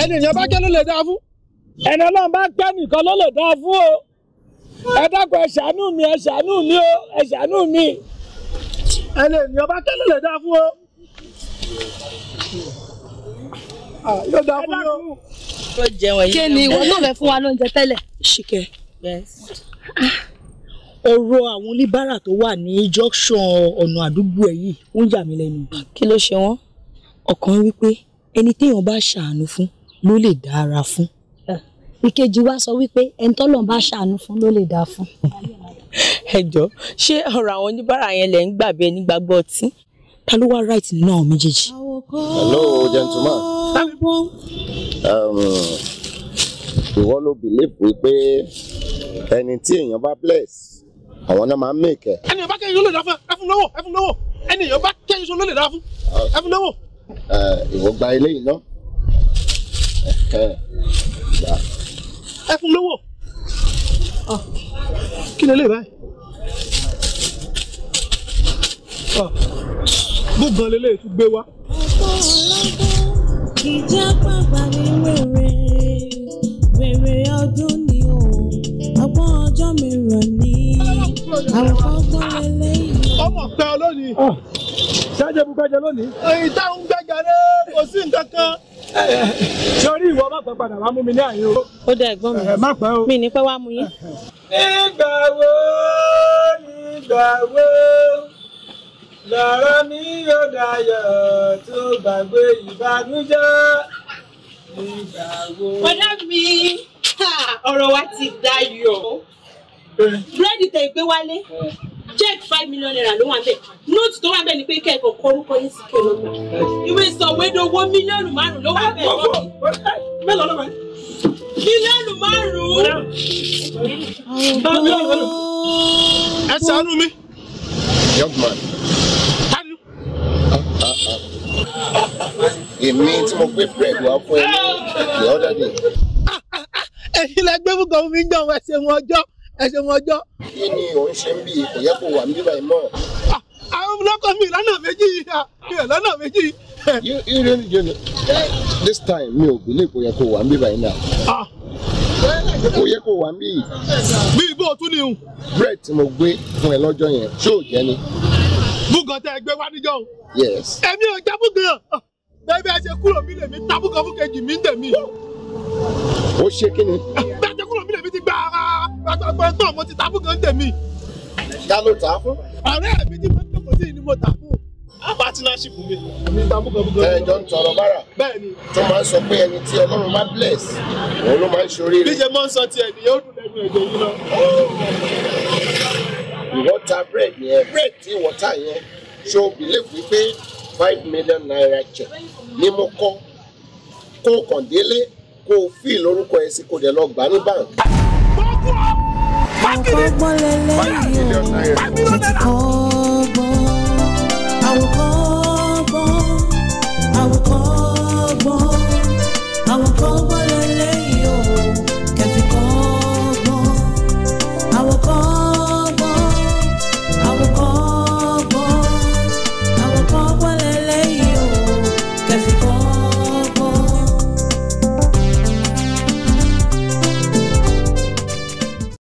ènìyàn bá kẹ́ ló lè dá fún ẹni ọlọ́run bá kẹ́ nìkan ló lè dá fún o ẹ dákun ẹ ṣàánú mi ẹ ṣàánú mi o ẹ ṣàánú mi ènìyàn bá kẹ́ lè dá fún o ah, yóò dá fún yóò. kí ni ìwọ náà fẹ́ fún wa lóúnjẹ tẹ́lẹ̀. ṣìkẹ́ ah, ọ̀rọ̀ àwọn oníbàárà tó wà ní junction ọ̀nà àdúgbò ẹ̀ yìí ń yà mí lẹ́nu. kí ló ṣe wọ́n? ọ̀kan wípé ẹni téèyàn bá ṣàánú fún ló lè dára fún. ìkejì wa sọ wípé ẹni tọ́lọ́run bá ṣàánú fún ló lè dáa fún. ẹ jọ ṣé ọ̀rọ̀ àwọn oníbàárà yẹn lẹ ń gbàgbé ẹni gbàgbọ́ ọtí ta ló wá right náà méjèèjì. hello gentleman. Um, ìwọ ló believe wípé ẹni tí èèyàn bá bless àwọn náà máa ń mèkẹ. ẹni yóò bá kẹ́yìn ló lè dá fún ẹ fún lówó ẹ fún lówó ẹni yóò bá kẹ́yìn ló lè dá fún ẹ fún lówó. Uh, ìwọ gba eléyìí náà ẹ fún lówó ah, kí lè lè báyìí gbọ́ngàn lè lè gbé wá. ìjà pàgbà ní wèrè wèrè ọdún ni o ọgbọ́n ọjọ́ mi rọ̀ ní àwọn ọgbọ́n lélẹ́yìn. ọmọ pẹ́ ọ lónìí ah, ṣáájú ẹbú gbẹ́jẹ lónìí. ìtàn ń gbẹ́jẹ rẹ kò sí nǹkan kan sórí ìwọ má pẹ́ padà wá mú mi ní àyè o. ó dá ẹ̀gbọ́n mi má pẹ́ o mi ní pẹ́ wá mú yín. nígbà wo nígbà wo lọ̀rọ̀ mi yóò dayọ̀ tó gbàgbé ìbànújẹ́ nígbà wo. ọ̀dà mi ọ̀rọ̀ wa ti dayọ̀ búrẹ́dì tẹ̀ gbé wálé check five million naira ló wà ń bẹ̀ nóòtù tó wà ń bẹ̀ ni pé kẹ́kọ̀ọ́ kọ orúkọ yín sí kẹ́lọ́ gbà ìwé sọ̀wédowó mílíọ̀nù márùn-ún ló wà ń bẹ̀ lọ́kì. mílíọ̀nù márùn-ún. ẹ ṣàánú mi. young man. tani. èmi tí mo gbé bread wá fún ẹ ní the other day. ẹ̀yin la gbé fún kan fún mi ń jọ wá ṣe wọn ọjọ́ ẹ ṣe wọn ọjọ́. kí ni ò ń ṣe ń bí kò yẹ kó wà níbí báyìí mọ́. Ah, àwọn ọmọlọ́kọ mi lọ́nà méjì yìí ah, lọ́nà méjì. you you really you know eh, this time mi ò believe kò yẹ kó wà níbí báyìí náà. Ah. kò yẹ kó wà níbí. bí ibo tún ni o. bread tí mo gbé fún ẹ lọ́jọ́ yẹn ṣé ò jẹ́ ni. búgan tẹ ẹ wá níjọ́ o. yes. èmi ò jẹ́ búgan bẹ́ẹ̀ bí a ṣe kúrò mí lèmi tábùkan fún kejì mi ń ó ṣe kí ni gbàgbọ́ ẹ̀gbọ́n mo ti ta fún kan tèmi. ta ló ta fún. ọ̀rẹ́ mi ti máa ń sí ni mo ta fún. a partnership mi. mi ta fún kan fún kan. ń tọrọ bára. bẹ́ẹ̀ni. tó máa ń sọ pé ẹni tí Ọlọ́run máa bless òun ló máa ń ṣoríire. bí ṣe máa ń sọ ti ènìyàn ó dùn lẹ́nu ẹ̀jẹ̀ yìí lọ. ìwọ bread yẹn bread tí ìwọ yẹn ṣó believe wípé five million naira check ni mo kọ kó kàn délé kó o fi lórúkọ ẹ sí kó dẹ lọ gbà ní báńkì. ọgbọ́n lẹ́lẹ́yìn o ó ti kọ́ ọgbọ́n.